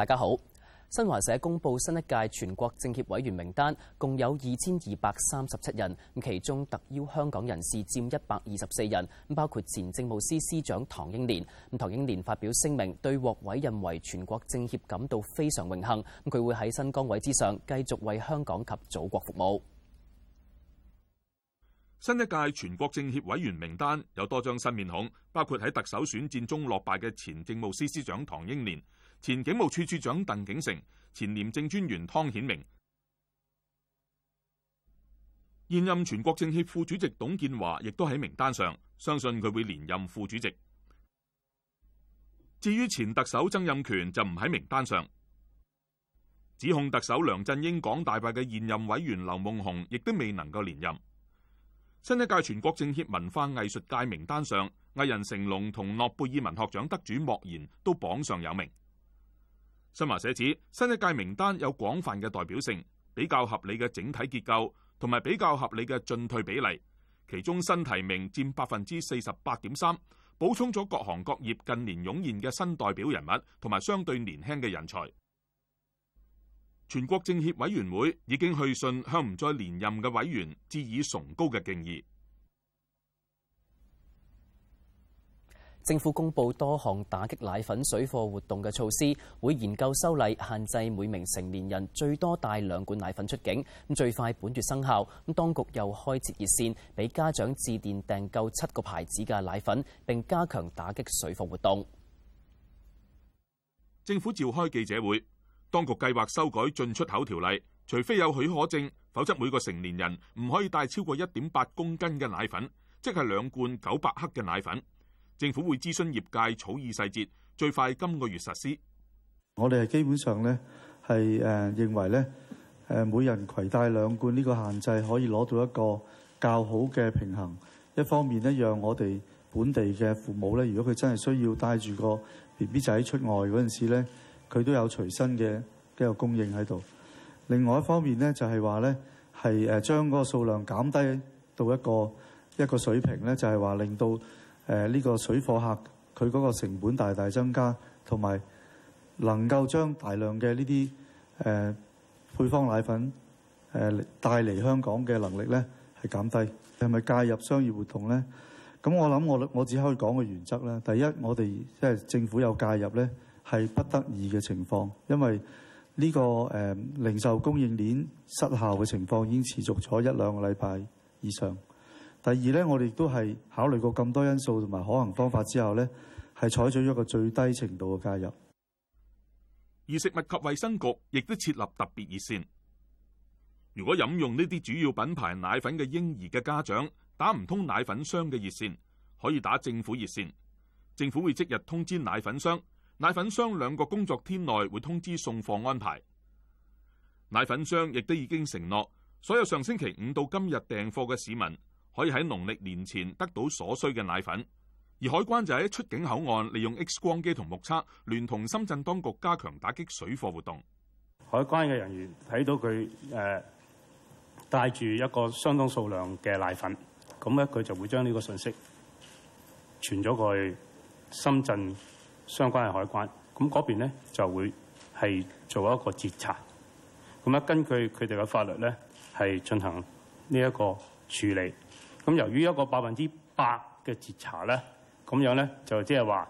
大家好。新華社公布新一屆全國政協委員名單，共有二千二百三十七人，其中特邀香港人士佔一百二十四人，包括前政務司司長唐英年。唐英年發表聲明，對獲委任為全國政協感到非常榮幸。佢會喺新崗位之上繼續為香港及祖國服務。新一屆全國政協委員名單有多張新面孔，包括喺特首選戰中落敗嘅前政務司司長唐英年。前警務處處長鄧景成、前廉政專員湯顯明、現任全國政協副主席董建華亦都喺名單上，相信佢會連任副主席。至於前特首曾蔭權就唔喺名單上。指控特首梁振英講大話嘅現任委員劉夢熊亦都未能夠連任。新一屆全國政協文化藝術界名單上，藝人成龍同諾貝爾文學獎得主莫言都榜上有名。新華社指新一屆名單有廣泛嘅代表性，比較合理嘅整體結構同埋比較合理嘅進退比例，其中新提名佔百分之四十八點三，補充咗各行各業近年湧現嘅新代表人物同埋相對年輕嘅人才。全國政協委員會已經去信向唔再連任嘅委員致以崇高嘅敬意。政府公布多項打擊奶粉水貨活動嘅措施，會研究修例，限制每名成年人最多帶兩罐奶粉出境。最快本月生效。咁當局又開設熱線，俾家長致電訂購七個牌子嘅奶粉，並加強打擊水貨活動。政府召開記者會，當局計劃修改進出口條例，除非有許可證，否則每個成年人唔可以帶超過一點八公斤嘅奶粉，即係兩罐九百克嘅奶粉。政府會諮詢業界，草擬細節，最快今個月實施。我哋係基本上咧係誒，認為咧誒、啊，每人攜帶兩罐呢個限制可以攞到一個較好嘅平衡。一方面咧，讓我哋本地嘅父母咧，如果佢真係需要帶住個 BB 仔出外嗰陣時咧，佢都有隨身嘅一個供應喺度。另外一方面咧，就係話咧係誒，將嗰、啊、個數量減低到一個一個水平咧，就係、是、話令到。誒呢個水貨客佢嗰個成本大大增加，同埋能夠將大量嘅呢啲誒配方奶粉誒帶嚟香港嘅能力咧係減低。係咪介入商業活動咧？咁我諗我我只可以講個原則啦。第一，我哋即係政府有介入咧係不得已嘅情況，因為呢、這個誒、呃、零售供應鏈失效嘅情況已經持續咗一兩個禮拜以上。第二咧，我哋亦都係考慮過咁多因素同埋可行方法之後呢係採取咗一個最低程度嘅介入。而食物及衛生局亦都設立特別熱線，如果飲用呢啲主要品牌奶粉嘅嬰兒嘅家長打唔通奶粉商嘅熱線，可以打政府熱線。政府會即日通知奶粉商，奶粉商兩個工作天內會通知送貨安排。奶粉商亦都已經承諾，所有上星期五到今日訂貨嘅市民，可以喺農曆年前得到所需嘅奶粉，而海關就喺出境口岸利用 X 光機同目測，聯同深圳當局加強打擊水貨活動。海關嘅人員睇到佢誒帶住一個相當數量嘅奶粉，咁咧佢就會將呢個信息傳咗過去深圳相關嘅海關，咁嗰邊咧就會係做一個截查，咁咧根據佢哋嘅法律咧係進行呢一個處理。咁由於一個百分之百嘅截查呢，咁樣呢，就即係話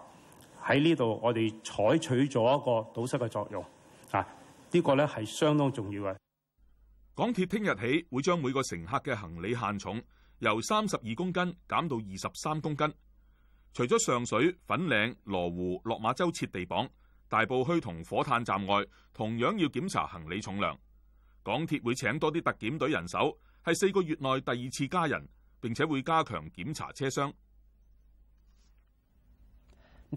喺呢度，我哋採取咗一個堵塞嘅作用啊！呢、呢個呢，係相當重要嘅。港鐵聽日起會將每個乘客嘅行李限重由三十二公斤減到二十三公斤。除咗上水、粉嶺、羅湖、落馬洲、設地磅、大埔墟同火炭站外，同樣要檢查行李重量。港鐵會請多啲特檢隊人手，係四個月內第二次加人。並且會加強檢查車廂。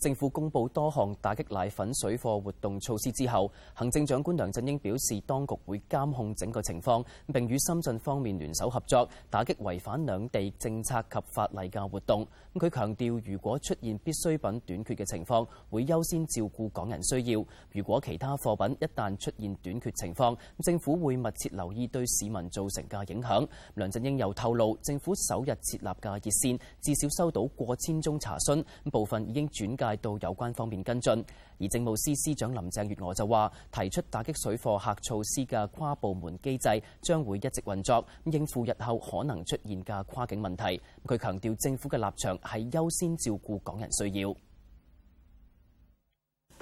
政府公布多項打擊奶粉水貨活動措施之後，行政長官梁振英表示，當局會監控整個情況，並與深圳方面聯手合作，打擊違反兩地政策及法例嘅活動。佢強調，如果出現必需品短缺嘅情況，會優先照顧港人需要。如果其他貨品一旦出現短缺情況，政府會密切留意對市民造成嘅影響。梁振英又透露，政府首日設立嘅熱線至少收到過千宗查詢，部分已經轉。帶到有關方面跟進，而政務司司長林鄭月娥就話，提出打擊水貨客措施嘅跨部門機制將會一直運作，應付日後可能出現嘅跨境問題。佢強調，政府嘅立場係優先照顧港人需要。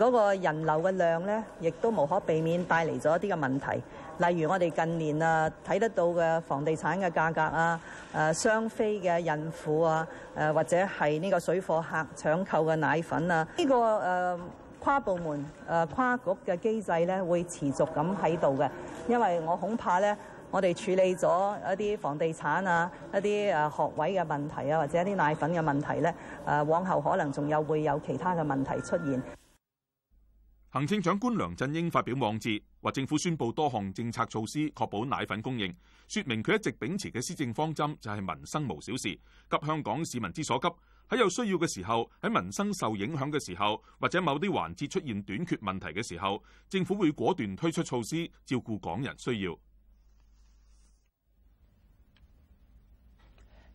嗰個人流嘅量呢，亦都無可避免帶嚟咗一啲嘅問題，例如我哋近年啊睇得到嘅房地產嘅價格啊，誒雙非嘅孕婦啊，誒、啊、或者係呢個水貨客搶購嘅奶粉啊，呢、這個誒、呃、跨部門誒、呃、跨局嘅機制呢會持續咁喺度嘅，因為我恐怕呢，我哋處理咗一啲房地產啊、一啲誒學位嘅問題啊，或者一啲奶粉嘅問題呢，誒、啊、往後可能仲有會有其他嘅問題出現。行政長官梁振英發表網誌，話政府宣布多項政策措施，確保奶粉供應，說明佢一直秉持嘅施政方針就係民生無小事，急香港市民之所急。喺有需要嘅時候，喺民生受影響嘅時候，或者某啲環節出現短缺問題嘅時候，政府會果斷推出措施，照顧港人需要。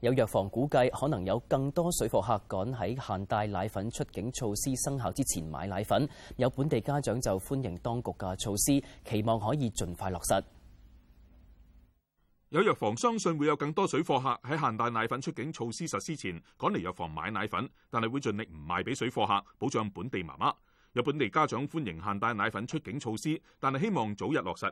有藥房估計可能有更多水貨客趕喺限帶奶粉出境措施生效之前買奶粉。有本地家長就歡迎當局嘅措施，期望可以盡快落實。有藥房相信會有更多水貨客喺限帶奶粉出境措施實施前趕嚟藥房買奶粉，但係會盡力唔賣俾水貨客，保障本地媽媽。有本地家長歡迎限帶奶粉出境措施，但係希望早日落實。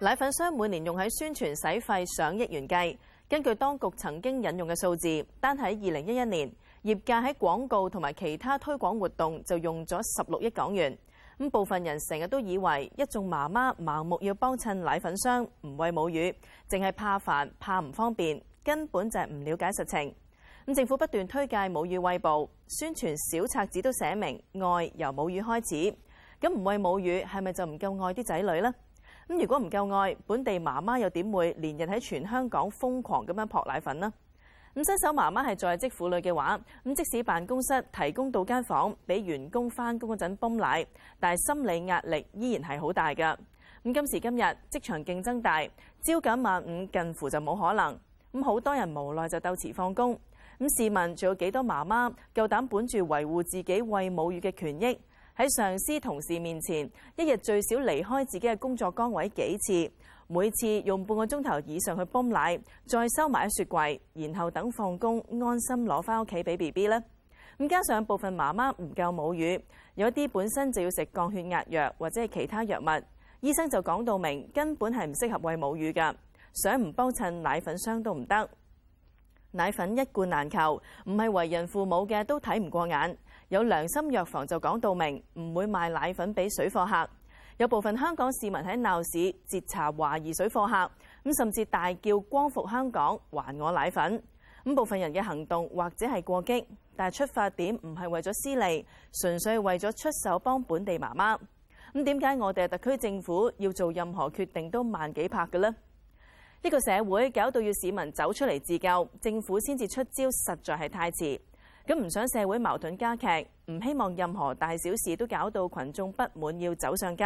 奶粉商每年用喺宣傳使費上億元計，根據當局曾經引用嘅數字，單喺二零一一年，業界喺廣告同埋其他推廣活動就用咗十六億港元。咁部分人成日都以為一眾媽媽盲目要幫襯奶粉商唔餵母乳，淨係怕煩怕唔方便，根本就係唔了解實情。咁政府不斷推介母乳餵哺，宣傳小冊子都寫明愛由母乳開始。咁唔餵母乳係咪就唔夠愛啲仔女呢？咁如果唔夠愛，本地媽媽又點會連日喺全香港瘋狂咁樣撲奶粉呢？咁新手媽媽係在職婦女嘅話，咁即使辦公室提供到間房俾員工翻工嗰陣泵奶，但係心理壓力依然係好大㗎。咁今時今日職場競爭大，朝九晚五近乎就冇可能。咁好多人無奈就鬥遲放工。咁市民仲有幾多媽媽夠膽本住維護自己餵母乳嘅權益？喺上司同事面前，一日最少離開自己嘅工作崗位幾次？每次用半個鐘頭以上去泵奶，再收埋喺雪櫃，然後等放工安心攞翻屋企俾 B B 咧。咁加上部分媽媽唔夠母乳，有一啲本身就要食降血壓藥或者係其他藥物，醫生就講到明，根本係唔適合餵母乳嘅，想唔幫襯奶粉商都唔得。奶粉一罐難求，唔係為人父母嘅都睇唔過眼。有良心藥房就講到明，唔會賣奶粉俾水貨客。有部分香港市民喺鬧市截查懷疑水貨客，咁甚至大叫光復香港，還我奶粉。咁部分人嘅行動或者係過激，但係出發點唔係為咗私利，純粹係為咗出手幫本地媽媽。咁點解我哋特區政府要做任何決定都慢幾拍嘅呢？呢個社會搞到要市民走出嚟自救，政府先至出招，實在係太遲。咁唔想社會矛盾加劇，唔希望任何大小事都搞到群眾不滿，要走上街，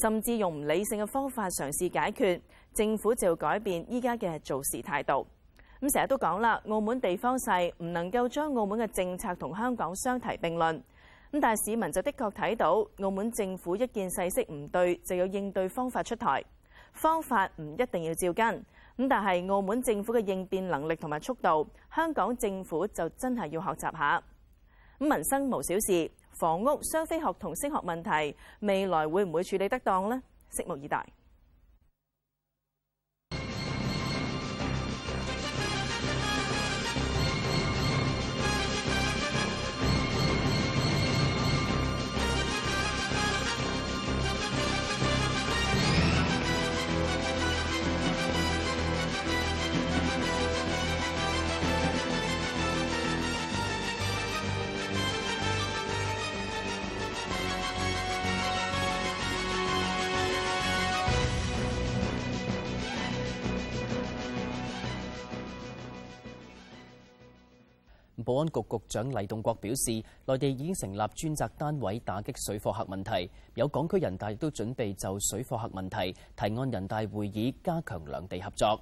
甚至用唔理性嘅方法嘗試解決，政府就要改變依家嘅做事態度。咁成日都講啦，澳門地方細，唔能夠將澳門嘅政策同香港相提並論。咁但係市民就的確睇到澳門政府一件細事唔對，就要應對方法出台，方法唔一定要照跟。咁但係澳門政府嘅應變能力同埋速度，香港政府就真係要學習下。咁民生無小事，房屋、雙非學同升學問題，未來會唔會處理得當咧？拭目以待。保安局局長黎棟國表示，內地已經成立專責單位打擊水貨客問題。有港區人大亦都準備就水貨客問題提案人大會議，加強兩地合作。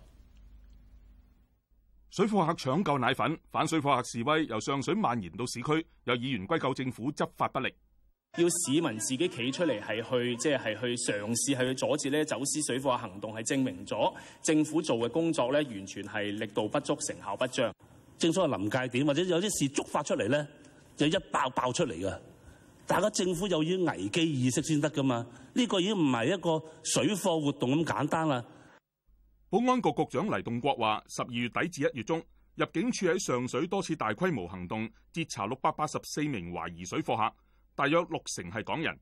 水貨客搶購奶粉，反水貨客示威由上水蔓延到市區，有議員歸咎政府執法不力，要市民自己企出嚟，係、就是、去即係去嘗試係去阻止呢走私水貨行動，係證明咗政府做嘅工作呢完全係力度不足，成效不彰。正所謂臨界點，或者有啲事觸發出嚟呢，就一爆爆出嚟噶。大家政府又要危機意識先得噶嘛？呢個已經唔係一個水貨活動咁簡單啦。保安局局長黎棟國話，十二月底至一月中，入境處喺上水多次大規模行動，截查六百八十四名懷疑水貨客，大約六成係港人。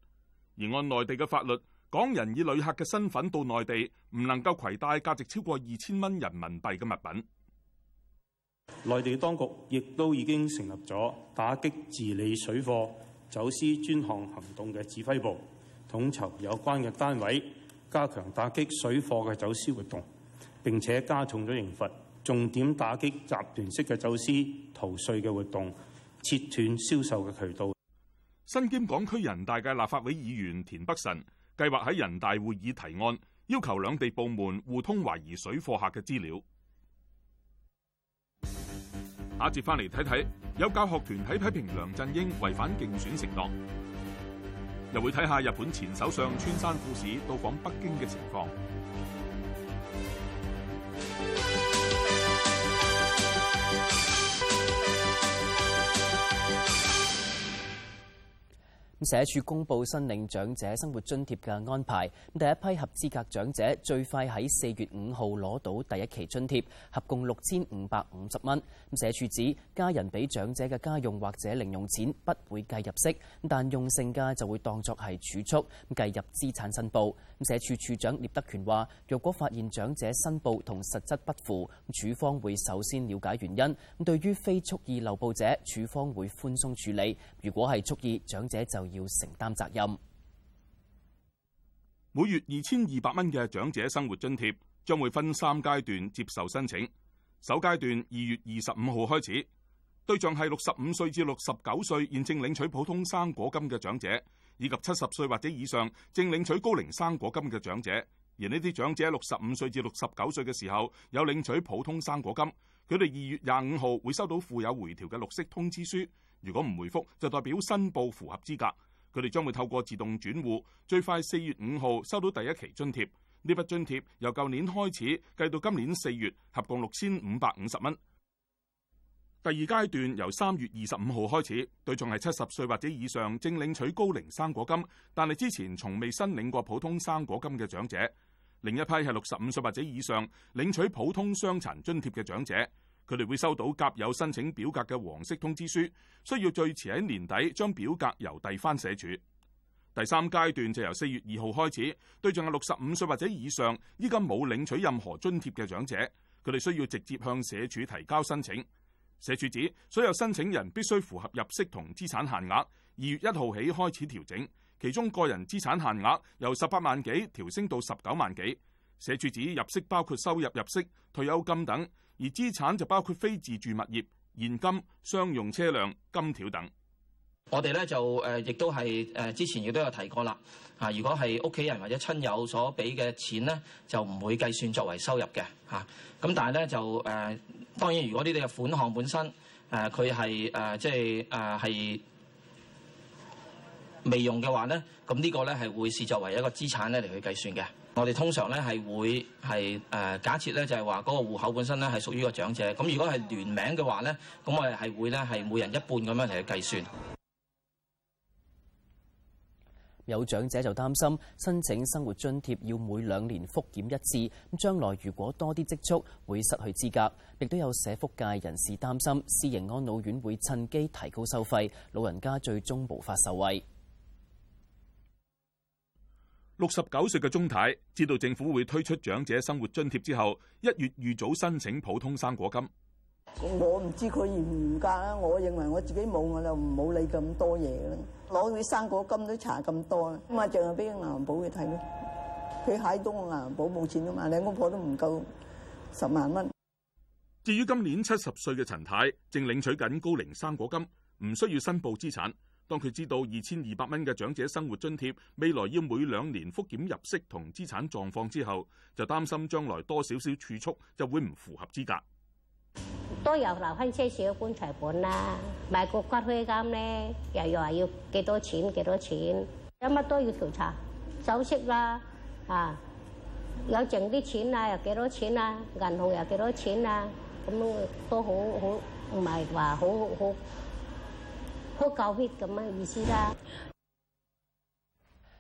而按內地嘅法律，港人以旅客嘅身份到內地，唔能夠攜帶價值超過二千蚊人民幣嘅物品。內地當局亦都已經成立咗打擊治理水貨走私專項行動嘅指揮部，統籌有關嘅單位，加強打擊水貨嘅走私活動，並且加重咗刑罰，重點打擊集團式嘅走私逃稅嘅活動，切斷銷售嘅渠道。身兼港區人大嘅立法會議員田北辰計劃喺人大會議提案，要求兩地部門互通懷疑水貨客嘅資料。打接翻嚟睇睇，看看有教學團體批評梁振英違反競選承諾，又會睇下日本前首相村山富市到訪北京嘅情況。社署公布申領長者生活津貼嘅安排，第一批合資格長者最快喺四月五號攞到第一期津貼，合共六千五百五十蚊。咁社署指，家人俾長者嘅家用或者零用錢不會計入息，但用性價就會當作係儲蓄計入資產申報。社署署長聶德權話，若果發現長者申報同實質不符，署方會首先了解原因。咁對於非蓄意漏報者，署方會寬鬆處理，如果係蓄意，長者就要承擔責任。每月二千二百蚊嘅長者生活津貼將會分三階段接受申請。首階段二月二十五號開始，對象係六十五歲至六十九歲現正領取普通生果金嘅長者。以及七十歲或者以上正領取高齡生果金嘅長者，而呢啲長者喺六十五歲至六十九歲嘅時候有領取普通生果金，佢哋二月廿五號會收到附有回條嘅綠色通知書。如果唔回覆，就代表申報符合資格，佢哋將會透過自動轉戶，最快四月五號收到第一期津貼。呢筆津貼由舊年開始計到今年四月，合共六千五百五十蚊。第二階段由三月二十五號開始，對象係七十歲或者以上正領取高齡生果金，但係之前從未申領過普通生果金嘅長者。另一批係六十五歲或者以上領取普通傷殘津貼嘅長者，佢哋會收到夾有申請表格嘅黃色通知書，需要最遲喺年底將表格郵遞翻社署。第三階段就由四月二號開始，對象係六十五歲或者以上依家冇領取任何津貼嘅長者，佢哋需要直接向社署提交申請。社署指所有申請人必須符合入息同資產限額，二月一號起開始調整。其中個人資產限額由十八萬幾調升到十九萬幾。社署指入息包括收入入息、退休金等，而資產就包括非自住物業、現金、商用車輛、金條等。我哋咧就誒，亦都係誒之前亦都有提過啦。嚇，如果係屋企人或者親友所俾嘅錢呢，就唔會計算作為收入嘅嚇。咁但係咧就誒。當然，如果呢啲嘅款項本身，誒佢係誒即係誒係未用嘅話咧，咁呢個咧係會視作為一個資產咧嚟去計算嘅。我哋通常咧係會係誒、呃、假設咧就係話嗰個戶口本身咧係屬於個長者，咁如果係聯名嘅話咧，咁我哋係會咧係每人一半咁樣嚟去計算。有長者就擔心申請生活津貼要每兩年覆檢一次，咁將來如果多啲積蓄會失去資格。亦都有社福界人士擔心，私營安老院會趁機提高收費，老人家最終無法受惠。六十九歲嘅鍾太知道政府會推出長者生活津貼之後，一月預早申請普通生果金。我唔知佢嚴唔嚴格啦，我認為我自己冇我就唔冇理咁多嘢啦。攞啲生果金都查咁多，咁啊，淨係俾銀行保佢睇咯？佢喺東個銀行保冇錢啊嘛，兩公婆都唔夠十萬蚊。至於今年七十歲嘅陳太，正領取緊高齡生果金，唔需要申報資產。當佢知道二千二百蚊嘅長者生活津貼未來要每兩年覆檢入息同資產狀況之後，就擔心將來多少少儲蓄就會唔符合資格。都有留翻些少棺材本啦，買個骨灰龕咧，又又話要幾多錢幾多錢，有乜都要調查，首飾啦，啊，有剩啲錢啊又幾多錢啊，銀行又幾多錢啊，咁都好，好唔係話好好好高逼咁嘅意思啦。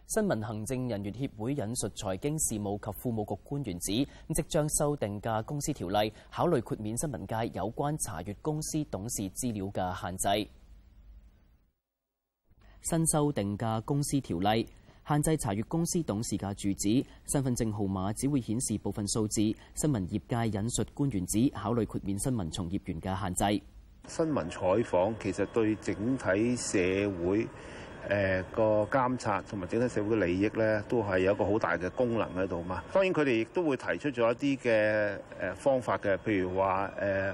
新聞行政人員協會引述財經事務及庫務局官員指，即將修訂嘅公司條例考慮豁免新聞界有關查閱公司董事資料嘅限制。新修訂嘅公司條例限制查閱公司董事嘅住址、身份證號碼，只會顯示部分數字。新聞業界引述官員指，考慮豁免新聞從業員嘅限制。新聞採訪其實對整體社會，誒個監察同埋整體社會嘅利益咧，都係有一個好大嘅功能喺度嘛。當然佢哋亦都會提出咗一啲嘅誒方法嘅，譬如話誒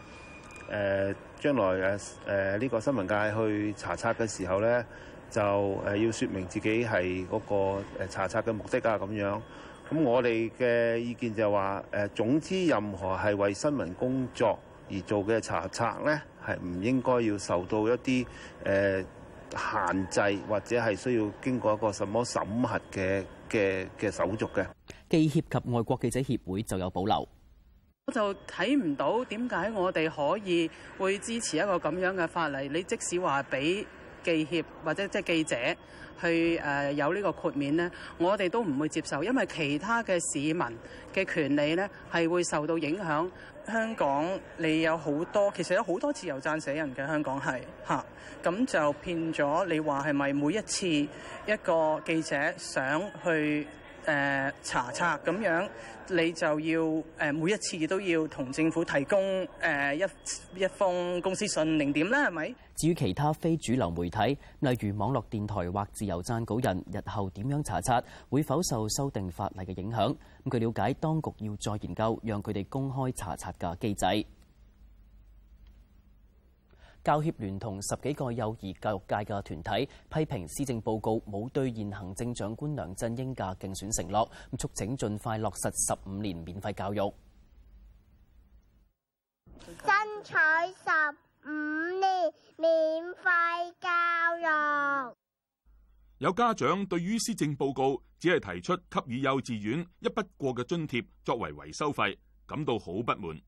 誒將來誒誒呢個新聞界去查冊嘅時候咧，就誒要説明自己係嗰個查冊嘅目的啊咁樣。咁我哋嘅意見就係話誒，總之任何係為新聞工作而做嘅查冊咧，係唔應該要受到一啲誒。限制或者係需要經過一個什麼審核嘅嘅嘅手續嘅。記協及外國記者協會就有保留，我就睇唔到點解我哋可以會支持一個咁樣嘅法例。你即使話俾。記協記者或者即係記者去、呃、有呢個豁免呢，我哋都唔會接受，因為其他嘅市民嘅權利呢係會受到影響。香港你有好多，其實有好多自由撰寫人嘅，香港係咁、啊、就騙咗你話，係咪每一次一個記者想去？查、呃、查冊咁樣，你就要、呃、每一次都要同政府提供、呃、一一封公司信零點，令點咧係咪？至於其他非主流媒體，例如網絡電台或自由撰稿人，日後點樣查冊會否受修訂法例嘅影響？咁據了解，當局要再研究，讓佢哋公開查冊嘅機制。教協聯同十幾個幼兒教育界嘅團體批評施政報告冇兌現行政長官梁振英嘅競選承諾，咁促請盡快落實十五年免費教育。爭取十五年免費教育。有家長對於施政報告只係提出給予幼稚園一筆過嘅津貼作為維修費，感到好不滿。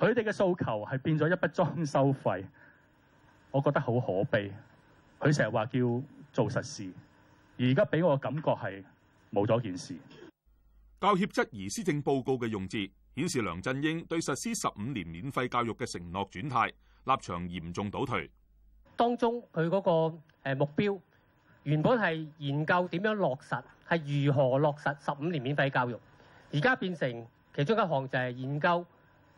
佢哋嘅訴求係變咗一筆裝修費，我覺得好可悲。佢成日話叫做實事，而家俾我感覺係冇咗件事。教協質疑施政報告嘅用字，顯示梁振英對實施十五年免費教育嘅承諾轉態，立場嚴重倒退。當中佢嗰個誒目標原本係研究點樣落實，係如何落實十五年免費教育，而家變成其中一項就係研究。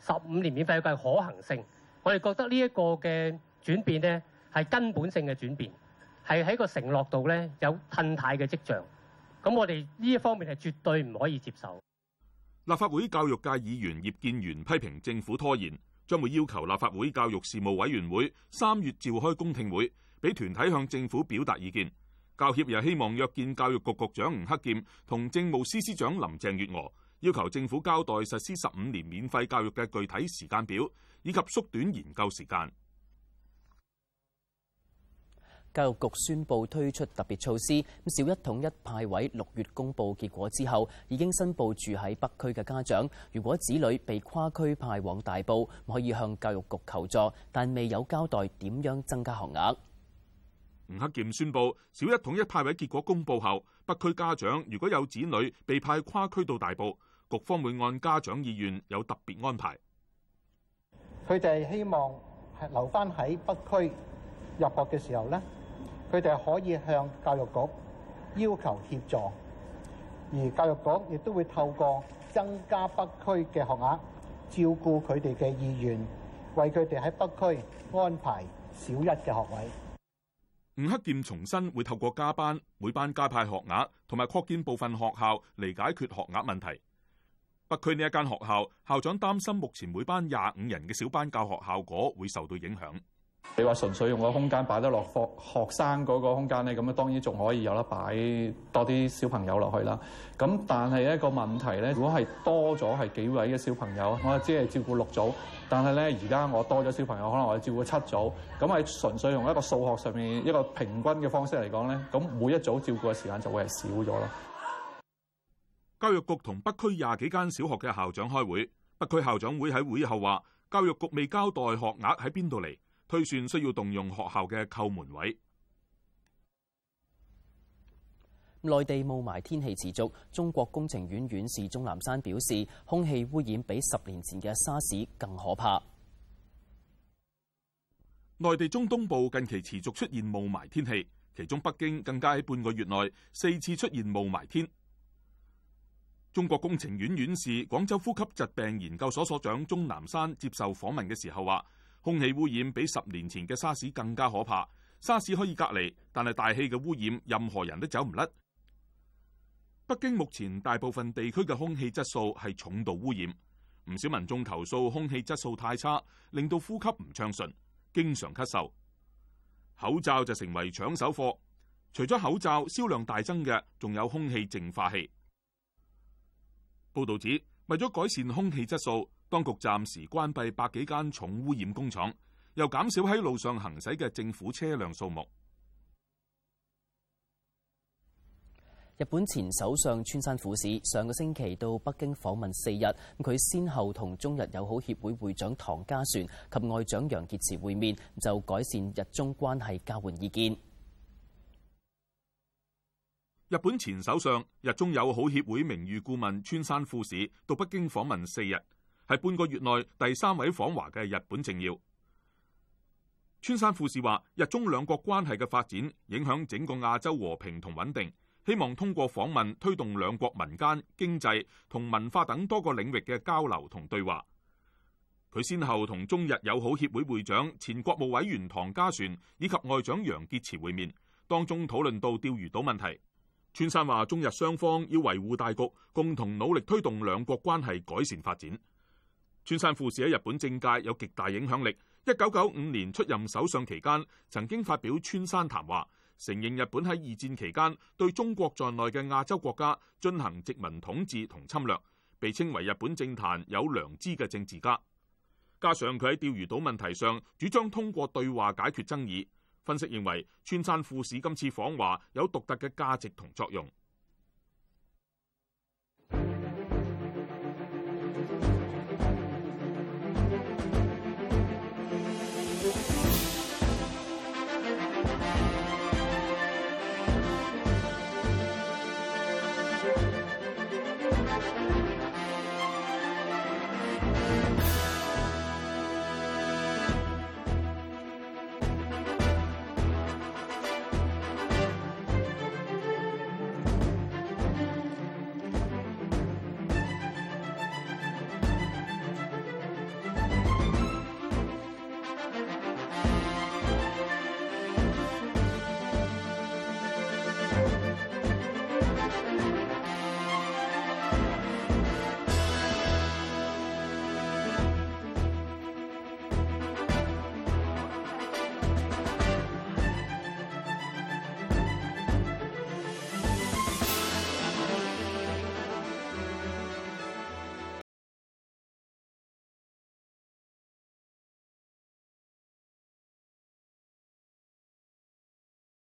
十五年免費嘅可行性，我哋覺得呢一個嘅轉變咧，係根本性嘅轉變，係喺個承諾度咧有褪態嘅跡象。咁我哋呢一方面係絕對唔可以接受。立法會教育界議員葉建源批評政府拖延，將會要求立法會教育事務委員會三月召開公聽會俾團體向政府表達意見，教協又希望約見教育局局長吳克儉同政務司司長林鄭月娥。要求政府交代實施十五年免費教育嘅具體時間表，以及縮短研究時間。教育局宣布推出特別措施，咁小一統一派位六月公布結果之後，已經申報住喺北區嘅家長，如果子女被跨區派往大埔，可以向教育局求助，但未有交代點樣增加學額。吳克儉宣布，小一統一派位結果公布後，北區家長如果有子女被派跨區到大埔。局方會按家長意願有特別安排。佢哋希望留翻喺北區入學嘅時候咧，佢哋可以向教育局要求協助，而教育局亦都會透過增加北區嘅學額，照顧佢哋嘅意願，為佢哋喺北區安排小一嘅學位。吳克儉重申，會透過加班、每班加派學額，同埋擴建部分學校嚟解決學額問題。北區呢一間學校校長擔心，目前每班廿五人嘅小班教學效果會受到影響。你話純粹用個空間擺得落學生嗰個空間咧，咁啊當然仲可以有得擺多啲小朋友落去啦。咁但係一個問題咧，如果係多咗係幾位嘅小朋友，我只係照顧六組，但係咧而家我多咗小朋友，可能我照顧七組。咁係純粹用一個數學上面一個平均嘅方式嚟講咧，咁每一組照顧嘅時間就會係少咗咯。教育局同北區廿幾間小學嘅校長開會，北區校長會喺會後話，教育局未交代學額喺邊度嚟，推算需要動用學校嘅扣門位。內地霧霾天氣持續，中國工程院院士鍾南山表示，空氣污染比十年前嘅沙士更可怕。內地中東部近期持續出現霧霾天氣，其中北京更加喺半個月內四次出現霧霾天。中國工程院院士、廣州呼吸疾病研究所所長鍾南山接受訪問嘅時候話：空氣污染比十年前嘅沙士更加可怕。沙士可以隔離，但係大氣嘅污染，任何人都走唔甩。北京目前大部分地區嘅空氣質素係重度污染，唔少民眾投訴空氣質素太差，令到呼吸唔暢順，經常咳嗽。口罩就成為搶手貨。除咗口罩，銷量大增嘅仲有空氣淨化器。報道指，為咗改善空氣質素，當局暫時關閉百幾間重污染工廠，又減少喺路上行駛嘅政府車輛數目。日本前首相村山富市上個星期到北京訪問四日，佢先後同中日友好協會會長唐家璇及外長楊潔篪會面，就改善日中關係交換意見。日本前首相日中友好協會名譽顧問村山富市到北京訪問四日，係半個月內第三位訪華嘅日本政要。村山富市話，日中兩國關係嘅發展影響整個亞洲和平同穩定，希望通過訪問推動兩國民間、經濟同文化等多個領域嘅交流同對話。佢先後同中日友好協會會長前國務委員唐家璇以及外長楊潔篪會面，當中討論到釣魚島問題。村山話：中日雙方要維護大局，共同努力推動兩國關係改善發展。村山富市喺日本政界有極大影響力。一九九五年出任首相期間，曾經發表村山談話，承認日本喺二戰期間對中國在內嘅亞洲國家進行殖民統治同侵略，被稱為日本政壇有良知嘅政治家。加上佢喺釣魚島問題上主張通過對話解決爭議。分析認為村山富市今次訪華有獨特嘅價值同作用。